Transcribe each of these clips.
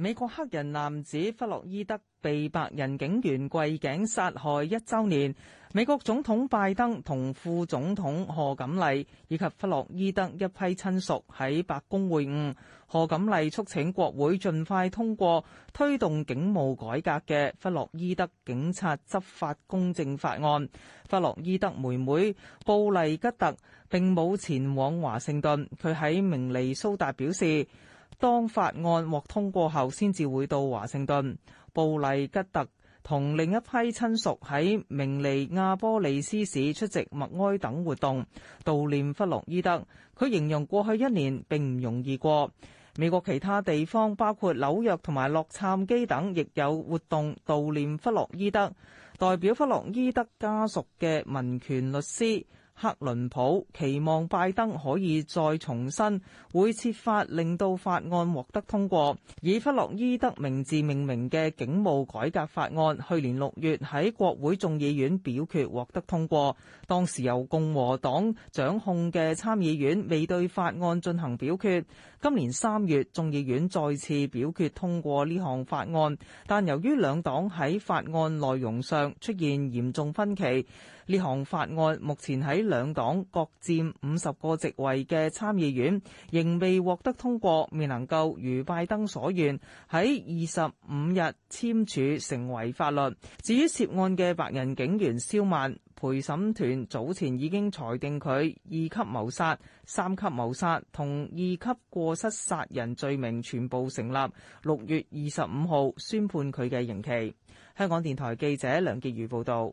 美國黑人男子弗洛伊德被白人警員跪頸殺害一週年，美國總統拜登同副總統賀錦麗以及弗洛伊德一批親屬喺白宮會晤。賀錦麗促請國會盡快通過推動警務改革嘅弗洛伊德警察執法公正法案。弗洛伊德妹妹布莉吉特並冇前往華盛頓，佢喺明尼蘇達表示，當法案獲通過後，先至會到華盛頓。布利吉特同另一批親屬喺明尼亞波利斯市出席默哀等活動悼念弗洛伊德。佢形容過去一年並唔容易過。美國其他地方，包括紐約同埋洛杉磯等，亦有活動悼念弗洛伊德。代表弗洛伊德家屬嘅民權律師克倫普期望拜登可以再重申會設法令到法案獲得通過。以弗洛伊德名字命名嘅警務改革法案，去年六月喺國會眾議院表決獲得通過，當時由共和黨掌控嘅參議院未對法案進行表決。今年三月，眾議院再次表決通過呢項法案，但由於兩黨喺法案內容上出現嚴重分歧。呢項法案目前喺兩黨各佔五十個席位嘅參議院，仍未獲得通過，未能夠如拜登所願，喺二十五日簽署成為法律。至於涉案嘅白人警員肖曼，陪審團早前已經裁定佢二級謀殺、三級謀殺同二級過失殺人罪名全部成立，六月二十五號宣判佢嘅刑期。香港電台記者梁潔如報導。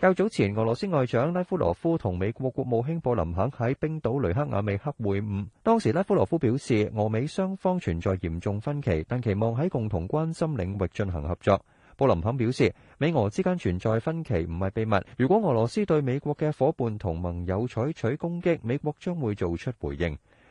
較早前，俄羅斯外長拉夫羅夫同美國國務卿布林肯喺冰島雷克雅未克會晤。當時拉夫羅夫表示，俄美雙方存在嚴重分歧，但期望喺共同關心領域進行合作。布林肯表示，美俄之間存在分歧唔係秘密，如果俄羅斯對美國嘅夥伴同盟友採取攻擊，美國將會做出回應。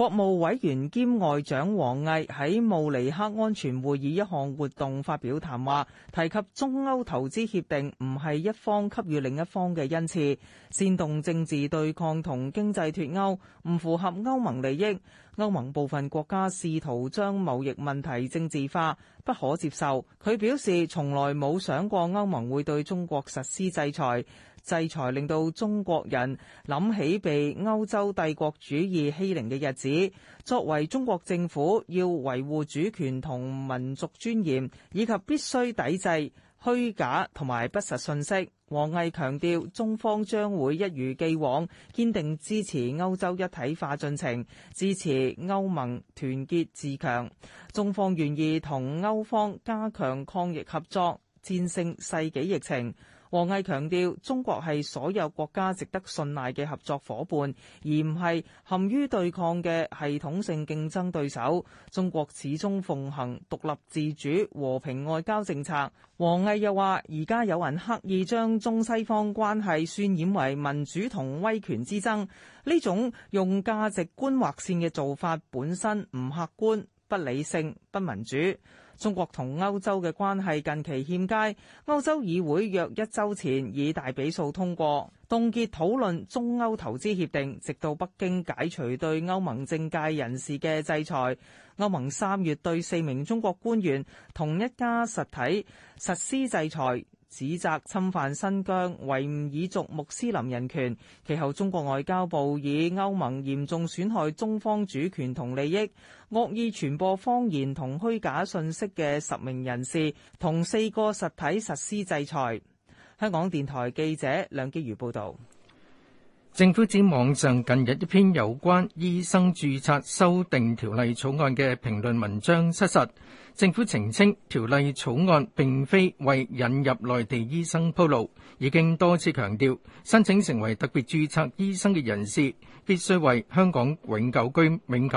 國務委員兼外長王毅喺慕尼黑安全會議一項活動發表談話，提及中歐投資協定唔係一方給予另一方嘅恩賜，煽動政治對抗同經濟脱歐，唔符合歐盟利益。歐盟部分國家試圖將貿易問題政治化，不可接受。佢表示，從來冇想過歐盟會對中國實施制裁。制裁令到中國人諗起被歐洲帝國主義欺凌嘅日子。作為中國政府，要維護主權同民族尊嚴，以及必須抵制虛假同埋不實信息。王毅強調，中方將會一如既往堅定支持歐洲一體化進程，支持歐盟團結自強。中方願意同歐方加強抗疫合作，戰勝世紀疫情。王毅強調，中國係所有國家值得信賴嘅合作伙伴，而唔係陷於對抗嘅系統性競爭對手。中國始終奉行獨立自主、和平外交政策。王毅又話：而家有人刻意將中西方關係渲染為民主同威權之爭，呢種用價值觀劃線嘅做法本身唔客觀、不理性、不民主。中國同歐洲嘅關係近期欠佳，歐洲議會約一周前以大比數通過，凍結討論中歐投資協定，直到北京解除對歐盟政界人士嘅制裁。歐盟三月對四名中國官員同一家實體實施制裁。指責侵犯新疆維吾爾族穆斯林人權，其後中國外交部以歐盟嚴重損害中方主權同利益、惡意傳播謊言同虛假信息嘅十名人士同四個實體實施制裁。香港電台記者梁基如報導。政府指網上近日一篇有關醫生注冊修訂條例草案嘅評論文章失實，政府澄清條例草案並非為引入內地醫生鋪路，已經多次強調，申請成為特別注冊醫生嘅人士必須為香港永久居民及。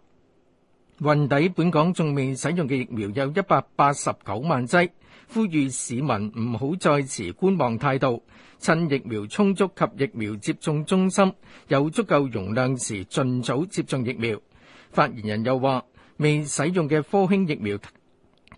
運抵，本港仲未使用嘅疫苗有一百八十九萬劑，呼籲市民唔好再持觀望態度，趁疫苗充足及疫苗接種中心有足夠容量時，盡早接種疫苗。發言人又話，未使用嘅科興疫苗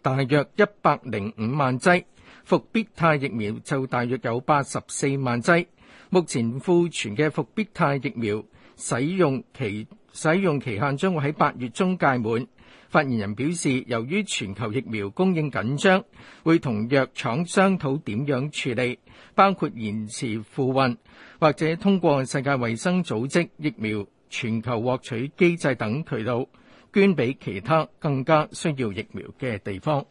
大約一百零五萬劑，復必泰疫苗就大約有八十四萬劑。目前庫存嘅復必泰疫苗使用期使用期限將會喺八月中屆滿。發言人表示，由於全球疫苗供應緊張，會同藥廠商討點樣處理，包括延遲付運或者通過世界衛生組織疫苗全球獲取機制等渠道捐俾其他更加需要疫苗嘅地方。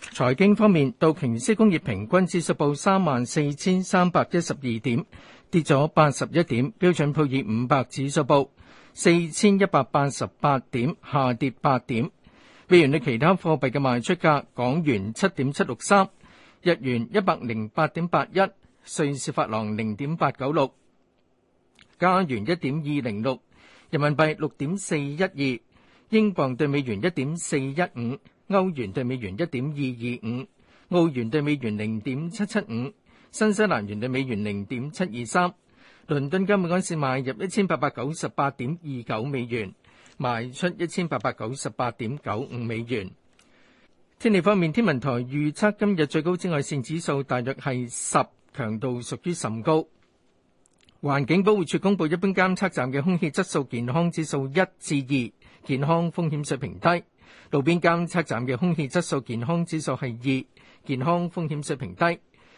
財經方面，道瓊斯工業平均指數報三萬四千三百一十二點。跌咗八十一點，標準普爾五百指數報四千一百八十八點，下跌八點。美元兌其他貨幣嘅賣出價：港元七點七六三，日元一百零八點八一，瑞士法郎零點八九六，加元一點二零六，人民幣六點四一二，英鎊兌美元一點四一五，歐元兌美元一點二二五，澳元兌美元零點七七五。新西蘭元兌美元零點七二三，倫敦金每盎司買入一千八百九十八點二九美元，賣出一千八百九十八點九五美元。天氣方面，天文台預測今日最高紫外線指數大約係十，強度屬於甚高。環境保護署公佈，一般監測站嘅空氣質素健康指數一至二，健康風險水平低；路邊監測站嘅空氣質素健康指數係二，健康風險水平低。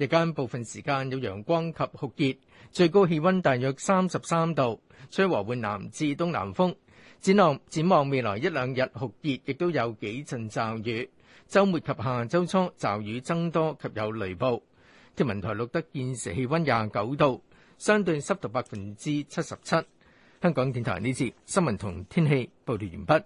日間部分時間有陽光及酷熱，最高氣溫大約三十三度，吹和緩南至東南風。展望展望未來一兩日酷熱，亦都有幾陣驟雨。週末及下週初驟雨增多及有雷暴。天文台錄得現時氣溫廿九度，相對濕度百分之七十七。香港電台呢節新聞同天氣報道完畢。